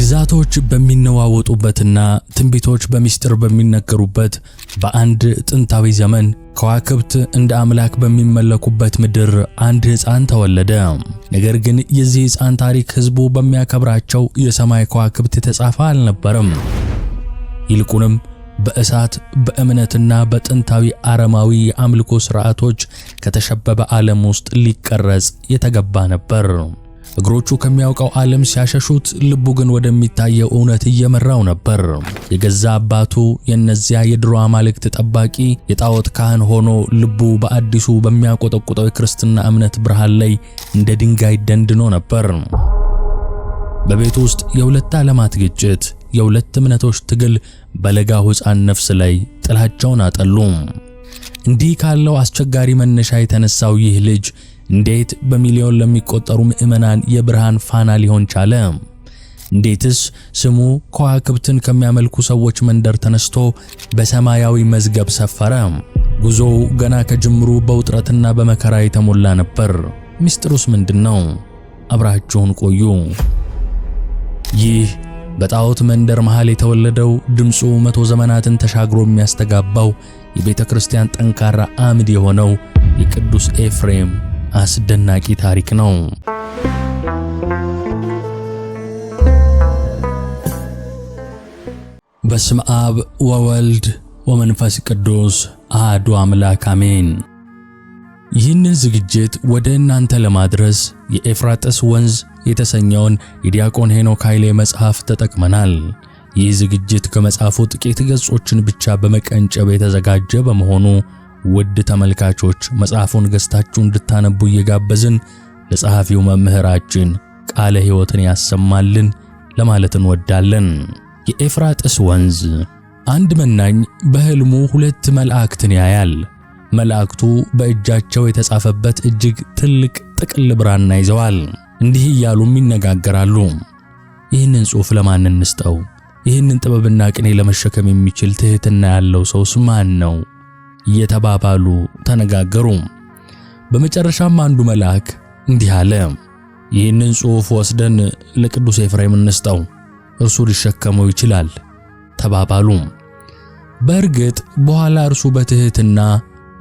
ግዛቶች በሚነዋወጡበትና ትንቢቶች በሚስጥር በሚነገሩበት በአንድ ጥንታዊ ዘመን ከዋክብት እንደ አምላክ በሚመለኩበት ምድር አንድ ሕፃን ተወለደ። ነገር ግን የዚህ ሕፃን ታሪክ ሕዝቡ በሚያከብራቸው የሰማይ ከዋክብት የተጻፈ አልነበረም። ይልቁንም በእሳት በእምነትና በጥንታዊ አረማዊ የአምልኮ ሥርዓቶች ከተሸበበ ዓለም ውስጥ ሊቀረጽ የተገባ ነበር። እግሮቹ ከሚያውቀው ዓለም ሲያሸሹት፣ ልቡ ግን ወደሚታየው እውነት እየመራው ነበር። የገዛ አባቱ የእነዚያ የድሮ አማልክት ጠባቂ የጣዖት ካህን ሆኖ ልቡ በአዲሱ በሚያቆጠቁጠው የክርስትና እምነት ብርሃን ላይ እንደ ድንጋይ ደንድኖ ነበር። በቤት ውስጥ የሁለት ዓለማት ግጭት፣ የሁለት እምነቶች ትግል በለጋው ሕፃን ነፍስ ላይ ጥላቸውን አጠሉ። እንዲህ ካለው አስቸጋሪ መነሻ የተነሳው ይህ ልጅ እንዴት በሚሊዮን ለሚቆጠሩ ምዕመናን የብርሃን ፋና ሊሆን ቻለ? እንዴትስ ስሙ ከዋክብትን ከሚያመልኩ ሰዎች መንደር ተነስቶ በሰማያዊ መዝገብ ሰፈረ? ጉዞው ገና ከጅምሩ በውጥረትና በመከራ የተሞላ ነበር። ምስጢሩስ ምንድን ነው? አብራችሁን ቆዩ። ይህ በጣዖት መንደር መሃል የተወለደው ድምፁ መቶ ዘመናትን ተሻግሮ የሚያስተጋባው የቤተ ክርስቲያን ጠንካራ አምድ የሆነው የቅዱስ ኤፍሬም አስደናቂ ታሪክ ነው። በስመ አብ ወወልድ ወመንፈስ ቅዱስ አሐዱ አምላክ አሜን። ይህንን ዝግጅት ወደ እናንተ ለማድረስ የኤፍራጥስ ወንዝ የተሰኘውን የዲያቆን ሄኖክ ኃይሌ መጽሐፍ ተጠቅመናል። ይህ ዝግጅት ከመጽሐፉ ጥቂት ገጾችን ብቻ በመቀንጨብ የተዘጋጀ በመሆኑ ውድ ተመልካቾች መጽሐፉን ገዝታችሁ እንድታነቡ እየጋበዝን ለጸሐፊው መምህራችን ቃለ ሕይወትን ያሰማልን ለማለት እንወዳለን። የኤፍራጥስ ወንዝ። አንድ መናኝ በሕልሙ ሁለት መላእክትን ያያል። መላእክቱ በእጃቸው የተጻፈበት እጅግ ትልቅ ጥቅል ብራና ይዘዋል። እንዲህ እያሉም ይነጋገራሉ። ይህንን ጽሑፍ ለማን እንስጠው? ይህንን ጥበብና ቅኔ ለመሸከም የሚችል ትሕትና ያለው ሰውስ ማን ነው? እየተባባሉ ተነጋገሩ። በመጨረሻም አንዱ መልአክ እንዲህ አለ፣ ይህንን ጽሑፍ ወስደን ለቅዱስ ኤፍሬም እንስጠው፣ እርሱ ሊሸከመው ይችላል ተባባሉ። በእርግጥ በኋላ እርሱ በትሕትና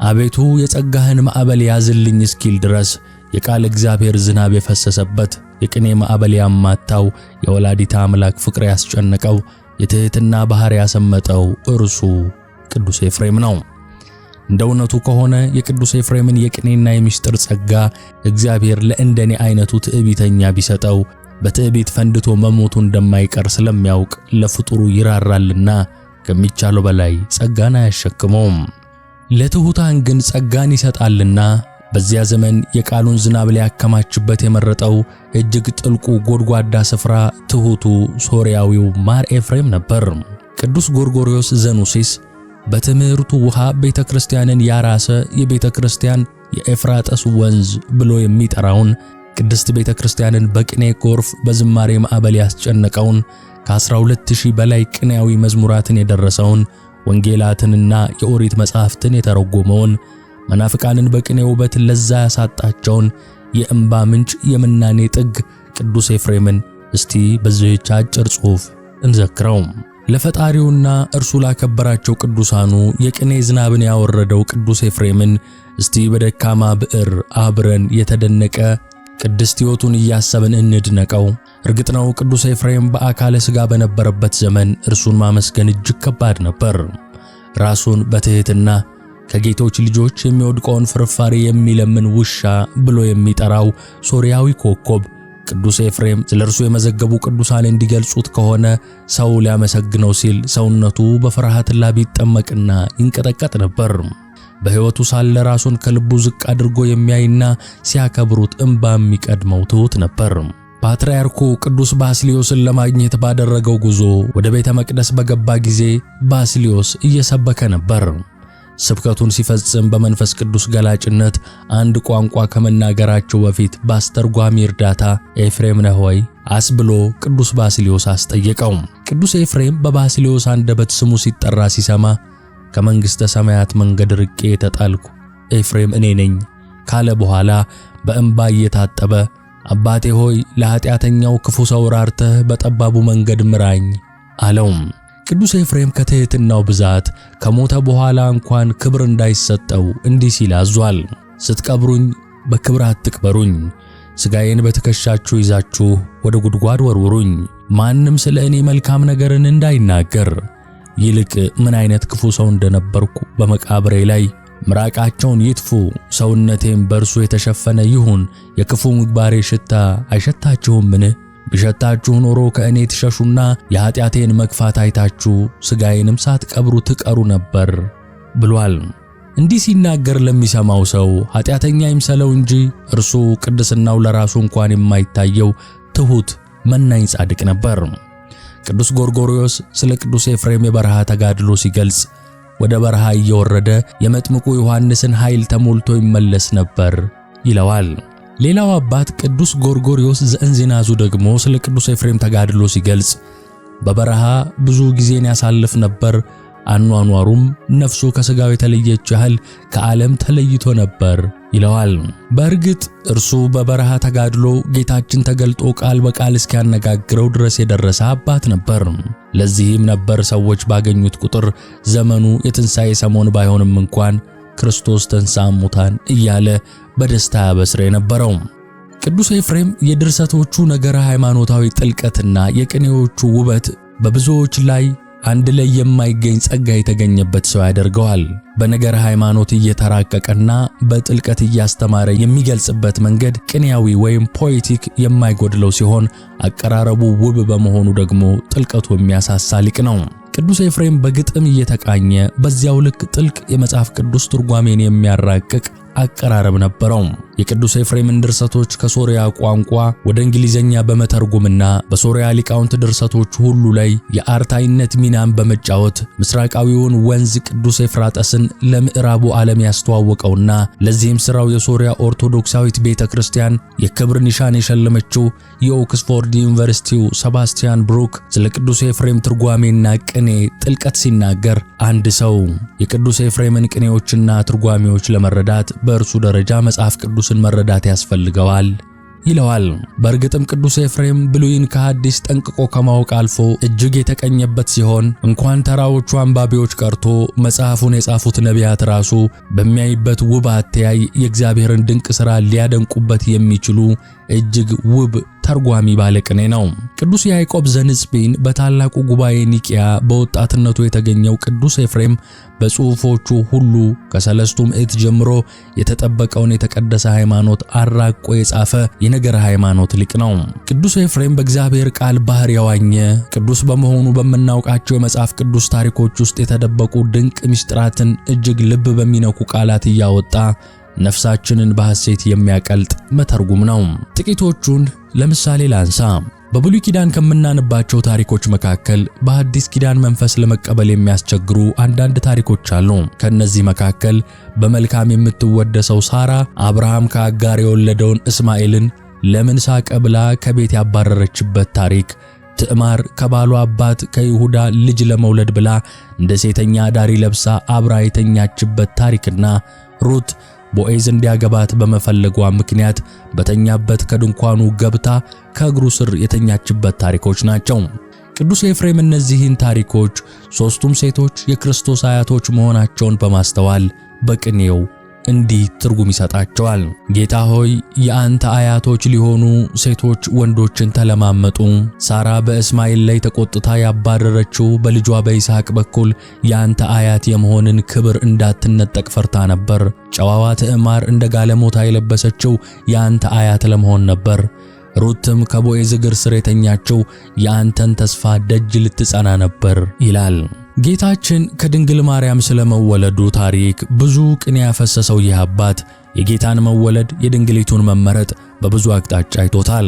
አቤቱ የጸጋህን ማዕበል ያዝልኝ እስኪል ድረስ የቃል እግዚአብሔር ዝናብ የፈሰሰበት የቅኔ ማዕበል ያማታው የወላዲታ አምላክ ፍቅር ያስጨነቀው የትሕትና ባሕር ያሰመጠው እርሱ ቅዱስ ኤፍሬም ነው። እንደ እውነቱ ከሆነ የቅዱስ ኤፍሬምን የቅኔና የምስጢር ጸጋ እግዚአብሔር ለእንደኔ አይነቱ ትዕቢተኛ ቢሰጠው በትዕቢት ፈንድቶ መሞቱ እንደማይቀር ስለሚያውቅ ለፍጡሩ ይራራልና ከሚቻለው በላይ ጸጋን አያሸክመውም። ለትሑታን ግን ጸጋን ይሰጣልና በዚያ ዘመን የቃሉን ዝናብ ሊያከማችበት የመረጠው እጅግ ጥልቁ ጎድጓዳ ስፍራ ትሑቱ ሶርያዊው ማር ኤፍሬም ነበር። ቅዱስ ጎርጎሪዮስ ዘኑሲስ በትምህርቱ ውሃ ቤተ ክርስቲያንን ያራሰ የቤተ ክርስቲያን የኤፍራጠስ ወንዝ ብሎ የሚጠራውን ቅድስት ቤተ ክርስቲያንን በቅኔ ጎርፍ በዝማሬ ማዕበል ያስጨነቀውን ከ12000 በላይ ቅኔያዊ መዝሙራትን የደረሰውን ወንጌላትንና የኦሪት መጻሕፍትን የተረጎመውን መናፍቃንን በቅኔ ውበት ለዛ ያሳጣቸውን የእንባ ምንጭ የምናኔ ጥግ ቅዱስ ኤፍሬምን እስቲ በዚህች አጭር ጽሑፍ እንዘክረው። ለፈጣሪውና እርሱ ላከበራቸው ቅዱሳኑ የቅኔ ዝናብን ያወረደው ቅዱስ ኤፍሬምን እስቲ በደካማ ብዕር አብረን የተደነቀ ቅድስት ሕይወቱን እያሰብን እንድነቀው። እርግጥ ነው ቅዱስ ኤፍሬም በአካለ ሥጋ በነበረበት ዘመን እርሱን ማመስገን እጅግ ከባድ ነበር። ራሱን በትሕትና ከጌቶች ልጆች የሚወድቀውን ፍርፋሪ የሚለምን ውሻ ብሎ የሚጠራው ሶርያዊ ኮከብ ቅዱስ ኤፍሬም ስለ እርሱ የመዘገቡ ቅዱሳን እንዲገልጹት ከሆነ ሰው ሊያመሰግነው ሲል ሰውነቱ በፍርሃት ላብ ይጠመቅና ይንቀጠቀጥ ነበር። በሕይወቱ ሳለ ራሱን ከልቡ ዝቅ አድርጎ የሚያይና ሲያከብሩት እንባ የሚቀድመው ትሑት ነበር። ፓትርያርኩ ቅዱስ ባስሊዮስን ለማግኘት ባደረገው ጉዞ ወደ ቤተ መቅደስ በገባ ጊዜ ባስሊዮስ እየሰበከ ነበር። ስብከቱን ሲፈጽም በመንፈስ ቅዱስ ገላጭነት አንድ ቋንቋ ከመናገራቸው በፊት በአስተርጓሚ እርዳታ ኤፍሬም ነህ ሆይ አስብሎ ቅዱስ ባስሊዮስ አስጠየቀው። ቅዱስ ኤፍሬም በባስሊዮስ አንደበት ስሙ ሲጠራ ሲሰማ ከመንግሥተ ሰማያት መንገድ ርቄ የተጣልኩ ኤፍሬም እኔ ነኝ ካለ በኋላ በእንባ እየታጠበ አባቴ ሆይ ለኃጢአተኛው ክፉ ሰው ራርተህ በጠባቡ መንገድ ምራኝ አለውም። ቅዱስ ኤፍሬም ከትሕትናው ብዛት ከሞተ በኋላ እንኳን ክብር እንዳይሰጠው እንዲህ ሲል አዟል። ስትቀብሩኝ በክብር አትቅበሩኝ፣ ሥጋዬን በትከሻችሁ ይዛችሁ ወደ ጉድጓድ ወርውሩኝ፣ ማንም ስለ እኔ መልካም ነገርን እንዳይናገር። ይልቅ ምን አይነት ክፉ ሰው እንደነበርኩ በመቃብሬ ላይ ምራቃቸውን ይጥፉ፣ ሰውነቴም በእርሱ የተሸፈነ ይሁን። የክፉ ምግባሬ ሽታ አይሸታችሁምን? ብሸታችሁ ኖሮ ከእኔ ትሸሹና የኃጢአቴን መግፋት አይታችሁ ሥጋዬንም ሳትቀብሩ ትቀሩ ነበር ብሏል። እንዲህ ሲናገር ለሚሰማው ሰው ኃጢአተኛ ይምሰለው እንጂ እርሱ ቅድስናው ለራሱ እንኳን የማይታየው ትሑት መናኝ ጻድቅ ነበር። ቅዱስ ጎርጎርዮስ ስለ ቅዱስ ኤፍሬም የበረሃ ተጋድሎ ሲገልጽ ወደ በረሃ እየወረደ የመጥምቁ ዮሐንስን ኃይል ተሞልቶ ይመለስ ነበር ይለዋል። ሌላው አባት ቅዱስ ጎርጎሪዮስ ዘእንዚናዙ ደግሞ ስለ ቅዱስ ኤፍሬም ተጋድሎ ሲገልጽ በበረሃ ብዙ ጊዜን ያሳልፍ ነበር፣ አኗኗሩም ነፍሱ ከሥጋው የተለየች ያህል ከዓለም ተለይቶ ነበር ይለዋል። በእርግጥ እርሱ በበረሃ ተጋድሎ ጌታችን ተገልጦ ቃል በቃል እስኪያነጋግረው ድረስ የደረሰ አባት ነበር። ለዚህም ነበር ሰዎች ባገኙት ቁጥር ዘመኑ የትንሣኤ ሰሞን ባይሆንም እንኳን ክርስቶስ ተንሳ ሙታን እያለ በደስታ ያበስር የነበረው። ቅዱስ ኤፍሬም የድርሰቶቹ ነገረ ሃይማኖታዊ ጥልቀትና የቅኔዎቹ ውበት በብዙዎች ላይ አንድ ላይ የማይገኝ ጸጋ የተገኘበት ሰው ያደርገዋል። በነገር ሃይማኖት እየተራቀቀና በጥልቀት እያስተማረ የሚገልጽበት መንገድ ቅኔያዊ ወይም ፖኤቲክ የማይጎድለው ሲሆን አቀራረቡ ውብ በመሆኑ ደግሞ ጥልቀቱ የሚያሳሳ ሊቅ ነው። ቅዱስ ኤፍሬም በግጥም እየተቃኘ በዚያው ልክ ጥልቅ የመጽሐፍ ቅዱስ ትርጓሜን የሚያራቅቅ አቀራረብ ነበረው። የቅዱስ ኤፍሬምን ድርሰቶች ከሶሪያ ቋንቋ ወደ እንግሊዘኛ በመተርጎምና በሶሪያ ሊቃውንት ድርሰቶች ሁሉ ላይ የአርታይነት ሚናን በመጫወት ምስራቃዊውን ወንዝ ቅዱስ ኤፍራጠስን ለምዕራቡ ዓለም ያስተዋወቀውና ለዚህም ሥራው የሶሪያ ኦርቶዶክሳዊት ቤተ ክርስቲያን የክብር ኒሻን የሸለመችው የኦክስፎርድ ዩኒቨርሲቲው ሰባስቲያን ብሩክ ስለ ቅዱስ ኤፍሬም ትርጓሜና ቅኔ ጥልቀት ሲናገር አንድ ሰው የቅዱስ ኤፍሬምን ቅኔዎችና ትርጓሜዎች ለመረዳት በእርሱ ደረጃ መጽሐፍ ቅዱስን መረዳት ያስፈልገዋል ይለዋል። በእርግጥም ቅዱስ ኤፍሬም ብሉይን ከሐዲስ ጠንቅቆ ከማወቅ አልፎ እጅግ የተቀኘበት ሲሆን እንኳን ተራዎቹ አንባቢዎች ቀርቶ መጽሐፉን የጻፉት ነቢያት ራሱ በሚያይበት ውብ አተያይ የእግዚአብሔርን ድንቅ ሥራ ሊያደንቁበት የሚችሉ እጅግ ውብ ተርጓሚ ባለቅኔ ነው። ቅዱስ ያዕቆብ ዘንጽቢን በታላቁ ጉባኤ ኒቂያ በወጣትነቱ የተገኘው ቅዱስ ኤፍሬም በጽሑፎቹ ሁሉ ከሰለስቱ ምዕት ጀምሮ የተጠበቀውን የተቀደሰ ሃይማኖት አራቆ የጻፈ የነገረ ሃይማኖት ሊቅ ነው። ቅዱስ ኤፍሬም በእግዚአብሔር ቃል ባህር የዋኘ ቅዱስ በመሆኑ በምናውቃቸው የመጽሐፍ ቅዱስ ታሪኮች ውስጥ የተደበቁ ድንቅ ምስጢራትን እጅግ ልብ በሚነኩ ቃላት እያወጣ ነፍሳችንን በሐሴት የሚያቀልጥ መተርጉም ነው። ጥቂቶቹን ለምሳሌ ላንሳ። በብሉይ ኪዳን ከምናነባቸው ታሪኮች መካከል በአዲስ ኪዳን መንፈስ ለመቀበል የሚያስቸግሩ አንዳንድ ታሪኮች አሉ። ከነዚህ መካከል በመልካም የምትወደሰው ሳራ አብርሃም ከአጋር የወለደውን እስማኤልን ለምን ሳቀ ብላ ከቤት ያባረረችበት ታሪክ፣ ትዕማር ከባሉ አባት ከይሁዳ ልጅ ለመውለድ ብላ እንደ ሴተኛ አዳሪ ለብሳ አብራ የተኛችበት ታሪክና ሩት ቦኤዝ እንዲያገባት በመፈለጓ ምክንያት በተኛበት ከድንኳኑ ገብታ ከእግሩ ስር የተኛችበት ታሪኮች ናቸው። ቅዱስ ኤፍሬም እነዚህን ታሪኮች ሦስቱም ሴቶች የክርስቶስ አያቶች መሆናቸውን በማስተዋል በቅኔው እንዲህ ትርጉም ይሰጣቸዋል። ጌታ ሆይ የአንተ አያቶች ሊሆኑ ሴቶች ወንዶችን ተለማመጡ። ሳራ በእስማኤል ላይ ተቆጥታ ያባረረችው በልጇ በይስሐቅ በኩል የአንተ አያት የመሆንን ክብር እንዳትነጠቅ ፈርታ ነበር። ጨዋዋ ትዕማር እንደ ጋለሞታ የለበሰችው የአንተ አያት ለመሆን ነበር። ሩትም ከቦኤዝ እግር ስር የተኛችው የአንተን ተስፋ ደጅ ልትጸና ነበር ይላል። ጌታችን ከድንግል ማርያም ስለመወለዱ ታሪክ ብዙ ቅኔ ያፈሰሰው ይህ አባት የጌታን መወለድ፣ የድንግሊቱን መመረጥ በብዙ አቅጣጫ አይቶታል።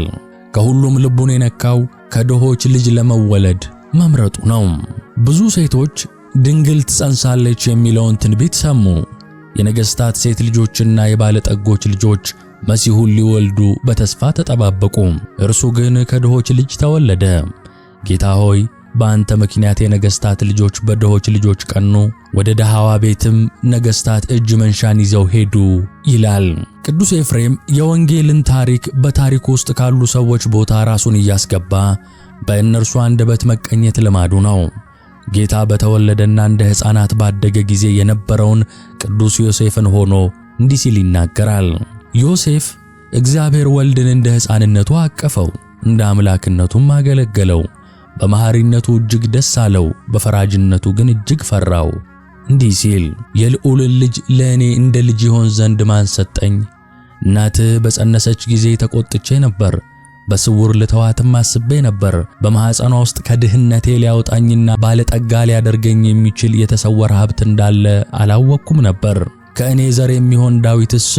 ከሁሉም ልቡን የነካው ከድሆች ልጅ ለመወለድ መምረጡ ነው። ብዙ ሴቶች ድንግል ትጸንሳለች የሚለውን ትንቢት ሰሙ። የነገሥታት ሴት ልጆችና የባለጠጎች ልጆች መሲሁን ሊወልዱ በተስፋ ተጠባበቁ። እርሱ ግን ከድሆች ልጅ ተወለደ። ጌታ ሆይ በአንተ ምክንያት የነገሥታት ልጆች በድሆች ልጆች ቀኑ፣ ወደ ድሃዋ ቤትም ነገሥታት እጅ መንሻን ይዘው ሄዱ ይላል። ቅዱስ ኤፍሬም የወንጌልን ታሪክ በታሪክ ውስጥ ካሉ ሰዎች ቦታ ራሱን እያስገባ በእነርሱ አንደበት መቀኘት ልማዱ ነው። ጌታ በተወለደና እንደ ሕፃናት ባደገ ጊዜ የነበረውን ቅዱስ ዮሴፍን ሆኖ እንዲህ ሲል ይናገራል። ዮሴፍ እግዚአብሔር ወልድን እንደ ሕፃንነቱ አቀፈው፣ እንደ አምላክነቱም አገለገለው በመሐሪነቱ እጅግ ደስ አለው፣ በፈራጅነቱ ግን እጅግ ፈራው። እንዲህ ሲል የልዑልን ልጅ ለእኔ እንደ ልጅ ይሆን ዘንድ ማን ሰጠኝ? እናትህ በጸነሰች ጊዜ ተቆጥቼ ነበር፣ በስውር ልተዋትም አስቤ ነበር። በማኅፀኗ ውስጥ ከድህነቴ ሊያወጣኝና ባለጠጋ ሊያደርገኝ የሚችል የተሰወረ ሀብት እንዳለ አላወቅኩም ነበር። ከእኔ ዘር የሚሆን ዳዊትስ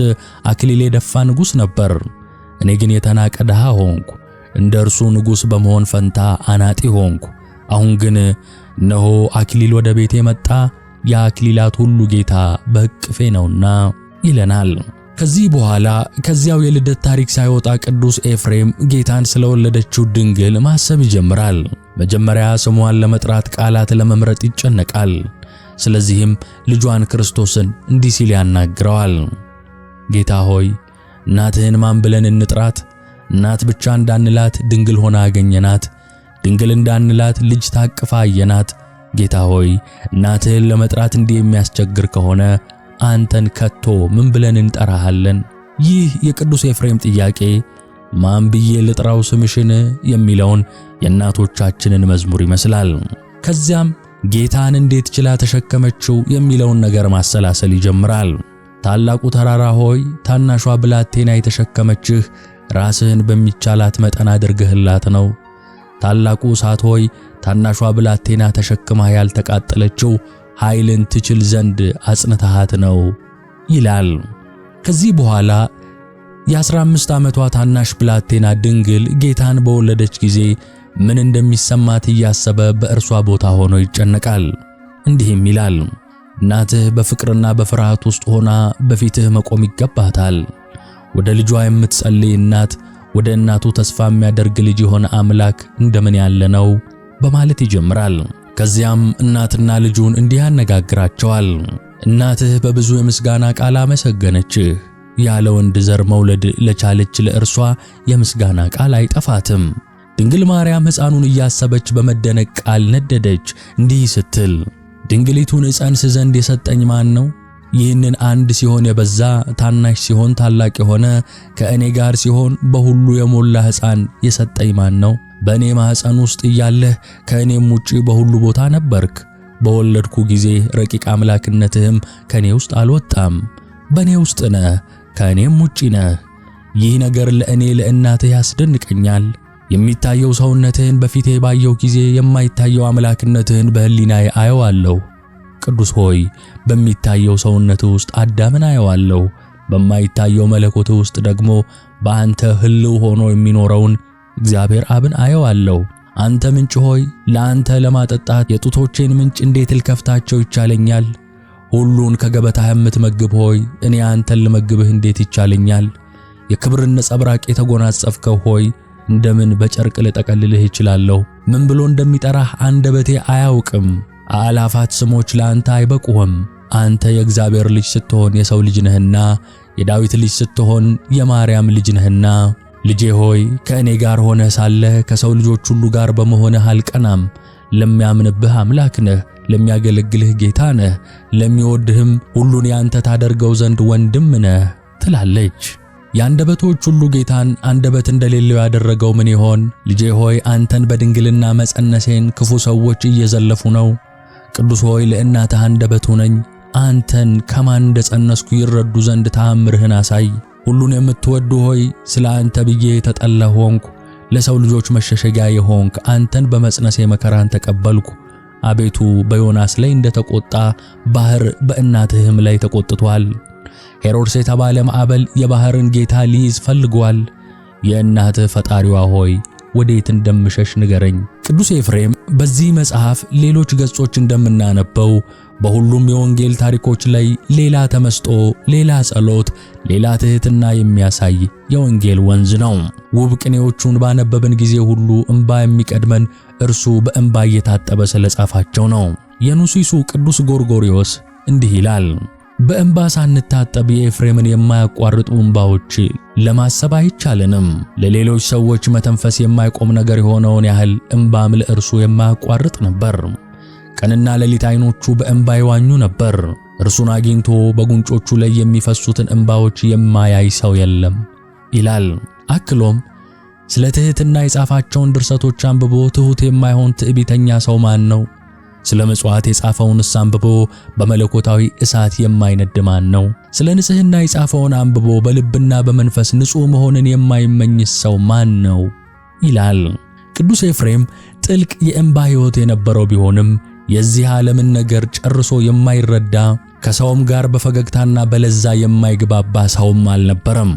አክሊል የደፋ ንጉሥ ነበር፣ እኔ ግን የተናቀ ድሃ ሆንኩ። እንደ እርሱ ንጉሥ በመሆን ፈንታ አናጢ ሆንኩ። አሁን ግን እነሆ አክሊል ወደ ቤቴ መጣ፣ የአክሊላት ሁሉ ጌታ በእቅፌ ነውና ይለናል። ከዚህ በኋላ ከዚያው የልደት ታሪክ ሳይወጣ ቅዱስ ኤፍሬም ጌታን ስለወለደችው ድንግል ማሰብ ይጀምራል። መጀመሪያ ስሟን ለመጥራት ቃላት ለመምረጥ ይጨነቃል። ስለዚህም ልጇን ክርስቶስን እንዲህ ሲል ያናግረዋል። ጌታ ሆይ እናትህን ማን ብለን እንጥራት? እናት ብቻ እንዳንላት ድንግል ሆና አገኘናት። ድንግል እንዳንላት ልጅ ታቅፋ አየናት። ጌታ ሆይ እናትህን ለመጥራት እንዲህ የሚያስቸግር ከሆነ አንተን ከቶ ምን ብለን እንጠራሃለን? ይህ የቅዱስ ኤፍሬም ጥያቄ ማን ብዬ ልጥራው ስምሽን የሚለውን የእናቶቻችንን መዝሙር ይመስላል። ከዚያም ጌታን እንዴት ችላ ተሸከመችው የሚለውን ነገር ማሰላሰል ይጀምራል። ታላቁ ተራራ ሆይ ታናሿ ብላቴና የተሸከመችህ ራስህን በሚቻላት መጠን አድርገህላት ነው። ታላቁ እሳት ሆይ ታናሿ ብላቴና ተሸክማ ያልተቃጠለችው ኃይልን ትችል ዘንድ አጽንተሃት ነው ይላል። ከዚህ በኋላ የ15 ዓመቷ ታናሽ ብላቴና ድንግል ጌታን በወለደች ጊዜ ምን እንደሚሰማት እያሰበ በእርሷ ቦታ ሆኖ ይጨነቃል። እንዲህም ይላል፦ እናትህ በፍቅርና በፍርሃት ውስጥ ሆና በፊትህ መቆም ይገባታል። ወደ ልጇ የምትጸልይ እናት፣ ወደ እናቱ ተስፋ የሚያደርግ ልጅ የሆነ አምላክ እንደምን ያለ ነው በማለት ይጀምራል። ከዚያም እናትና ልጁን እንዲህ ያነጋግራቸዋል። እናትህ በብዙ የምስጋና ቃል አመሰገነችህ። ያለ ወንድ ዘር መውለድ ለቻለች ለእርሷ የምስጋና ቃል አይጠፋትም። ድንግል ማርያም ሕፃኑን እያሰበች በመደነቅ ቃል ነደደች፣ እንዲህ ስትል ድንግሊቱን እጸንስ ዘንድ የሰጠኝ ማን ነው? ይህንን አንድ ሲሆን የበዛ ታናሽ ሲሆን ታላቅ የሆነ ከእኔ ጋር ሲሆን በሁሉ የሞላ ሕፃን የሰጠኝ ማን ነው? በእኔ ማኅፀን ውስጥ እያለህ ከእኔም ውጪ በሁሉ ቦታ ነበርክ። በወለድኩ ጊዜ ረቂቅ አምላክነትህም ከእኔ ውስጥ አልወጣም። በእኔ ውስጥ ነህ፣ ከእኔም ውጪ ነህ። ይህ ነገር ለእኔ ለእናትህ ያስደንቀኛል። የሚታየው ሰውነትህን በፊቴ ባየው ጊዜ የማይታየው አምላክነትህን በሕሊናዬ አየዋለሁ። ቅዱስ ሆይ በሚታየው ሰውነት ውስጥ አዳምን አየዋለሁ፣ በማይታየው መለኮት ውስጥ ደግሞ በአንተ ሕልው ሆኖ የሚኖረውን እግዚአብሔር አብን አየዋለሁ። አንተ ምንጭ ሆይ ለአንተ ለማጠጣት የጡቶቼን ምንጭ እንዴት ልከፍታቸው ይቻለኛል? ሁሉን ከገበታህ የምትመግብ ሆይ እኔ አንተን ልመግብህ እንዴት ይቻለኛል? የክብርን ነጸብራቅ የተጎናጸፍከው ሆይ እንደምን በጨርቅ ልጠቀልልህ ይችላለሁ? ምን ብሎ እንደሚጠራህ አንደበቴ አያውቅም። አእላፋት ስሞች ለአንተ አይበቁህም። አንተ የእግዚአብሔር ልጅ ስትሆን የሰው ልጅ ነህና፣ የዳዊት ልጅ ስትሆን የማርያም ልጅ ነህና። ልጄ ሆይ ከእኔ ጋር ሆነህ ሳለህ ከሰው ልጆች ሁሉ ጋር በመሆንህ አልቀናም። ለሚያምንብህ አምላክ ነህ፣ ለሚያገለግልህ ጌታ ነህ፣ ለሚወድህም ሁሉን ያንተ ታደርገው ዘንድ ወንድም ነህ ትላለች። የአንደበቶች ሁሉ ጌታን አንደበት እንደሌለው ያደረገው ምን ይሆን? ልጄ ሆይ አንተን በድንግልና መጸነሴን ክፉ ሰዎች እየዘለፉ ነው። ቅዱስ ሆይ ለእናትህ አንደበት ሆነኝ። አንተን ከማን እንደጸነስኩ ይረዱ ዘንድ ተአምርህን አሳይ። ሁሉን የምትወዱ ሆይ ስለ አንተ ብዬ የተጠላ ሆንኩ። ለሰው ልጆች መሸሸጊያ የሆንክ አንተን በመጽነሴ መከራን ተቀበልኩ። አቤቱ በዮናስ ላይ እንደተቆጣ ባህር በእናትህም ላይ ተቆጥቷል። ሄሮድስ የተባለ ማዕበል የባህርን ጌታ ሊይዝ ፈልጓል። የእናትህ ፈጣሪዋ ሆይ ወዴት እንደምሸሽ ንገረኝ። ቅዱስ ኤፍሬም በዚህ መጽሐፍ ሌሎች ገጾች እንደምናነበው በሁሉም የወንጌል ታሪኮች ላይ ሌላ ተመስጦ፣ ሌላ ጸሎት፣ ሌላ ትህትና የሚያሳይ የወንጌል ወንዝ ነው። ውብ ቅኔዎቹን ባነበብን ጊዜ ሁሉ እንባ የሚቀድመን እርሱ በእንባ እየታጠበ ስለጻፋቸው ነው። የኑሲሱ ቅዱስ ጎርጎሪዎስ እንዲህ ይላል፦ በእንባ ሳንታጠብ የኤፍሬምን የማያቋርጡ እንባዎች ለማሰብ አይቻለንም። ለሌሎች ሰዎች መተንፈስ የማይቆም ነገር የሆነውን ያህል እንባም ለእርሱ የማያቋርጥ ነበር። ቀንና ሌሊት አይኖቹ በእንባ ይዋኙ ነበር። እርሱን አግኝቶ በጉንጮቹ ላይ የሚፈሱትን እንባዎች የማያይ ሰው የለም ይላል። አክሎም ስለ ትሕትና የጻፋቸውን ድርሰቶች አንብቦ ትሑት የማይሆን ትዕቢተኛ ሰው ማን ነው? ስለ ምጽዋት የጻፈውንስ አንብቦ በመለኮታዊ እሳት የማይነድ ማን ነው? ስለ ንጽሕና የጻፈውን አንብቦ በልብና በመንፈስ ንጹሕ መሆንን የማይመኝ ሰው ማን ነው? ይላል ቅዱስ ኤፍሬም። ጥልቅ የእንባ ሕይወት የነበረው ቢሆንም የዚህ ዓለምን ነገር ጨርሶ የማይረዳ ከሰውም ጋር በፈገግታና በለዛ የማይግባባ ሰውም አልነበረም።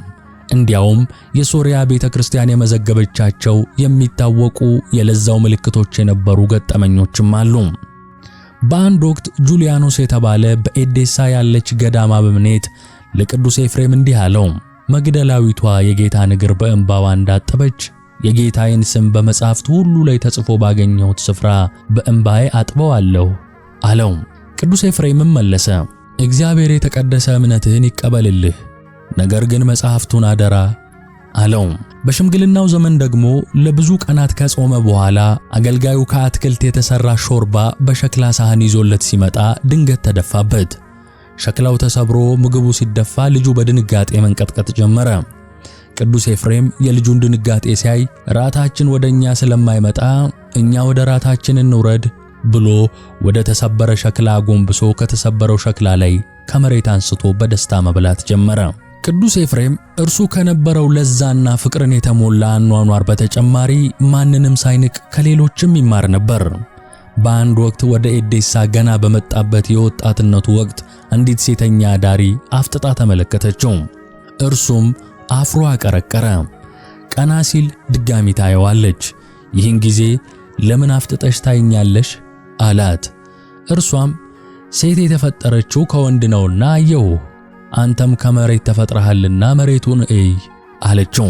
እንዲያውም የሶርያ ቤተ ክርስቲያን የመዘገበቻቸው የሚታወቁ የለዛው ምልክቶች የነበሩ ገጠመኞችም አሉ። በአንድ ወቅት ጁሊያኖስ የተባለ በኤዴሳ ያለች ገዳማ በምኔት ለቅዱስ ኤፍሬም እንዲህ አለው፣ መግደላዊቷ የጌታን እግር በእንባዋ እንዳጠበች የጌታዬን ስም በመጻሕፍት ሁሉ ላይ ተጽፎ ባገኘሁት ስፍራ በእንባዬ አጥበዋለሁ አለው። ቅዱስ ኤፍሬምም መለሰ፣ እግዚአብሔር የተቀደሰ እምነትህን ይቀበልልህ፣ ነገር ግን መጻሕፍቱን አደራ አለው። በሽምግልናው ዘመን ደግሞ ለብዙ ቀናት ከጾመ በኋላ አገልጋዩ ከአትክልት የተሰራ ሾርባ በሸክላ ሳህን ይዞለት ሲመጣ ድንገት ተደፋበት። ሸክላው ተሰብሮ ምግቡ ሲደፋ ልጁ በድንጋጤ መንቀጥቀጥ ጀመረ። ቅዱስ ኤፍሬም የልጁን ድንጋጤ ሲያይ ራታችን ወደ እኛ ስለማይመጣ እኛ ወደ ራታችን እንውረድ ብሎ ወደ ተሰበረ ሸክላ አጎንብሶ ከተሰበረው ሸክላ ላይ ከመሬት አንስቶ በደስታ መብላት ጀመረ። ቅዱስ ኤፍሬም እርሱ ከነበረው ለዛና ፍቅርን የተሞላ አኗኗር በተጨማሪ ማንንም ሳይንቅ ከሌሎችም ይማር ነበር። በአንድ ወቅት ወደ ኤዴሳ ገና በመጣበት የወጣትነቱ ወቅት አንዲት ሴተኛ ዳሪ አፍጥጣ ተመለከተችው። እርሱም አፍሮ አቀረቀረ። ቀና ሲል ድጋሚ ታየዋለች። ይህን ጊዜ ለምን አፍጥጠሽ ታይኛለሽ? አላት። እርሷም ሴት የተፈጠረችው ከወንድ ነውና አየሁ አንተም ከመሬት ተፈጥረሃልና መሬቱን እይ አለችው።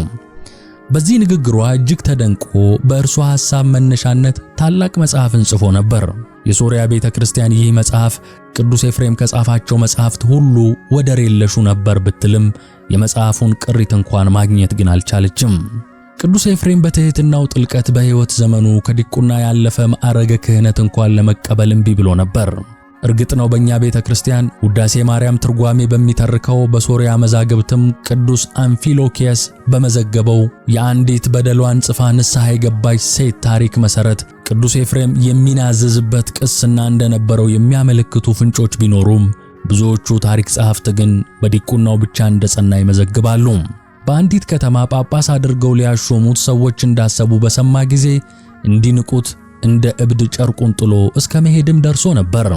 በዚህ ንግግሯ እጅግ ተደንቆ በእርሷ ሐሳብ መነሻነት ታላቅ መጽሐፍን ጽፎ ነበር። የሶርያ ቤተ ክርስቲያን ይህ መጽሐፍ ቅዱስ ኤፍሬም ከጻፋቸው መጽሐፍት ሁሉ ወደር የለሹ ነበር ብትልም የመጽሐፉን ቅሪት እንኳን ማግኘት ግን አልቻለችም። ቅዱስ ኤፍሬም በትሕትናው ጥልቀት በሕይወት ዘመኑ ከዲቁና ያለፈ ማዕረገ ክህነት እንኳን ለመቀበል እምቢ ብሎ ነበር። እርግጥ ነው በእኛ ቤተ ክርስቲያን ውዳሴ ማርያም ትርጓሜ በሚተርከው በሶርያ መዛግብትም ቅዱስ አንፊሎኪያስ በመዘገበው የአንዲት በደሏን ጽፋ ንስሐ የገባች ሴት ታሪክ መሠረት ቅዱስ ኤፍሬም የሚናዘዝበት ቅስና እንደነበረው የሚያመለክቱ ፍንጮች ቢኖሩም ብዙዎቹ ታሪክ ጸሐፍት ግን በዲቁናው ብቻ እንደጸና ይመዘግባሉ። በአንዲት ከተማ ጳጳስ አድርገው ሊያሾሙት ሰዎች እንዳሰቡ በሰማ ጊዜ እንዲንቁት እንደ እብድ ጨርቁን ጥሎ እስከ መሄድም ደርሶ ነበር።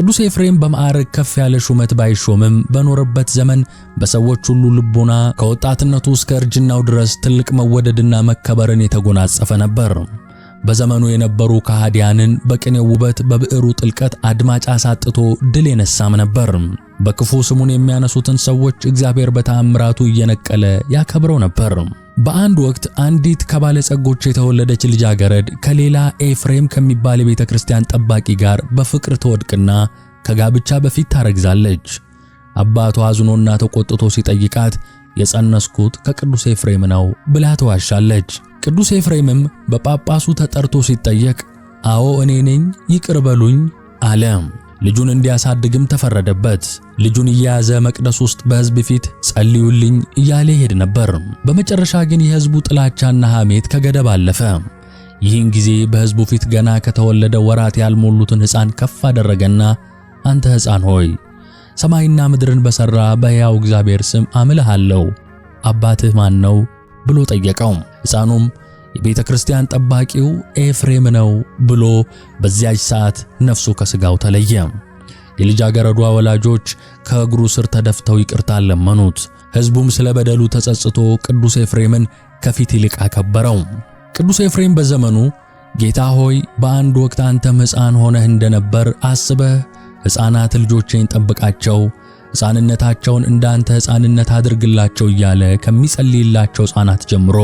ቅዱስ ኤፍሬም በማዕረግ ከፍ ያለ ሹመት ባይሾምም በኖረበት ዘመን በሰዎች ሁሉ ልቦና ከወጣትነቱ እስከ እርጅናው ድረስ ትልቅ መወደድና መከበርን የተጎናጸፈ ነበር። በዘመኑ የነበሩ ከሃዲያንን በቅኔው ውበት በብዕሩ ጥልቀት አድማጭ አሳጥቶ ድል የነሳም ነበር። በክፉ ስሙን የሚያነሱትን ሰዎች እግዚአብሔር በተአምራቱ እየነቀለ ያከብረው ነበር። በአንድ ወቅት አንዲት ከባለጸጎች የተወለደች ልጃገረድ ከሌላ ኤፍሬም ከሚባል የቤተ ክርስቲያን ጠባቂ ጋር በፍቅር ትወድቅና ከጋብቻ በፊት ታረግዛለች። አባቷ አዝኖና ተቆጥቶ ሲጠይቃት የጸነስኩት ከቅዱስ ኤፍሬም ነው ብላ ተዋሻለች። ቅዱስ ኤፍሬምም በጳጳሱ ተጠርቶ ሲጠየቅ አዎ እኔ ነኝ፣ ይቅር በሉኝ አለ። ልጁን እንዲያሳድግም ተፈረደበት። ልጁን እየያዘ መቅደስ ውስጥ በሕዝብ ፊት ጸልዩልኝ እያለ ይሄድ ነበር። በመጨረሻ ግን የሕዝቡ ጥላቻና ሐሜት ከገደብ አለፈ። ይህን ጊዜ በሕዝቡ ፊት ገና ከተወለደ ወራት ያልሞሉትን ሕፃን ከፍ አደረገና አንተ ሕፃን ሆይ ሰማይና ምድርን በሠራ በሕያው እግዚአብሔር ስም አምልሃለሁ አባትህ ማን ነው ብሎ ጠየቀው። ሕፃኑም የቤተ ክርስቲያን ጠባቂው ኤፍሬም ነው ብሎ በዚያች ሰዓት ነፍሱ ከሥጋው ተለየ። የልጃገረዷ ወላጆች ከእግሩ ስር ተደፍተው ይቅርታ ለመኑት። ሕዝቡም ስለ በደሉ ተጸጽቶ ቅዱስ ኤፍሬምን ከፊት ይልቅ አከበረው። ቅዱስ ኤፍሬም በዘመኑ ጌታ ሆይ በአንድ ወቅት አንተም ሕፃን ሆነህ እንደነበር አስበህ ሕፃናት ልጆቼን ጠብቃቸው፣ ሕፃንነታቸውን እንዳንተ ሕፃንነት አድርግላቸው እያለ ከሚጸልይላቸው ሕፃናት ጀምሮ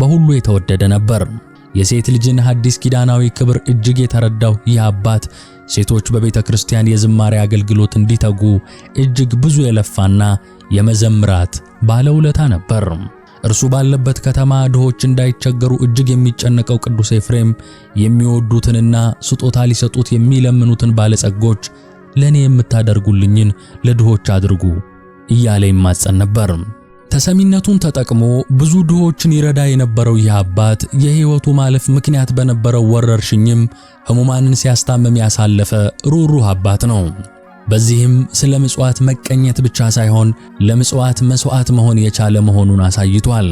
በሁሉ የተወደደ ነበር። የሴት ልጅን ሐዲስ ኪዳናዊ ክብር እጅግ የተረዳው ይህ አባት ሴቶች በቤተ ክርስቲያን የዝማሬ አገልግሎት እንዲተጉ እጅግ ብዙ የለፋና የመዘምራት ባለውለታ ነበር። እርሱ ባለበት ከተማ ድሆች እንዳይቸገሩ እጅግ የሚጨነቀው ቅዱስ ኤፍሬም የሚወዱትንና ስጦታ ሊሰጡት የሚለምኑትን ባለጸጎች ለእኔ የምታደርጉልኝን ለድሆች አድርጉ እያለ ይማጸን ነበር። ተሰሚነቱን ተጠቅሞ ብዙ ድሆችን ይረዳ የነበረው ይህ አባት የሕይወቱ ማለፍ ምክንያት በነበረው ወረርሽኝም ህሙማንን ሲያስታምም ያሳለፈ ሩህሩህ አባት ነው። በዚህም ስለ ምጽዋት መቀኘት ብቻ ሳይሆን ለምጽዋት መሥዋዕት መሆን የቻለ መሆኑን አሳይቷል።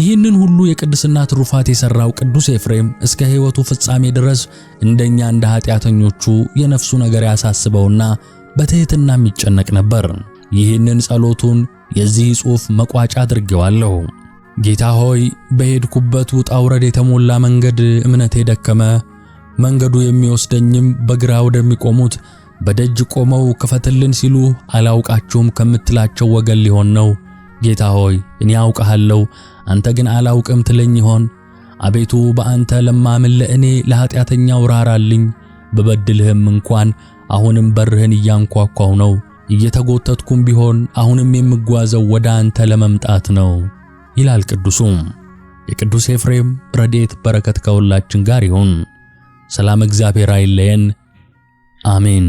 ይህንን ሁሉ የቅድስና ትሩፋት የሠራው ቅዱስ ኤፍሬም እስከ ሕይወቱ ፍጻሜ ድረስ እንደኛ እንደ ኃጢአተኞቹ የነፍሱ ነገር ያሳስበውና በትሕትናም ይጨነቅ ነበር። ይህንን ጸሎቱን የዚህ ጽሑፍ መቋጫ አድርጌዋለሁ። ጌታ ሆይ በሄድኩበት ውጣ ውረድ የተሞላ መንገድ እምነቴ ደከመ፣ መንገዱ የሚወስደኝም በግራ ወደሚቆሙት በደጅ ቆመው ክፈትልን ሲሉ አላውቃችሁም ከምትላቸው ወገን ሊሆን ነው። ጌታ ሆይ እኔ አውቅሃለሁ፣ አንተ ግን አላውቅም ትለኝ ይሆን? አቤቱ በአንተ ለማምን ለእኔ ለኃጢአተኛው ራራልኝ፣ ብበድልህም እንኳን አሁንም በርህን እያንኳኳው ነው። እየተጎተትኩም ቢሆን አሁንም የምጓዘው ወደ አንተ ለመምጣት ነው ይላል ቅዱሱም። የቅዱስ ኤፍሬም ረድኤት በረከት ከሁላችን ጋር ይሁን። ሰላም፣ እግዚአብሔር አይለየን። አሜን።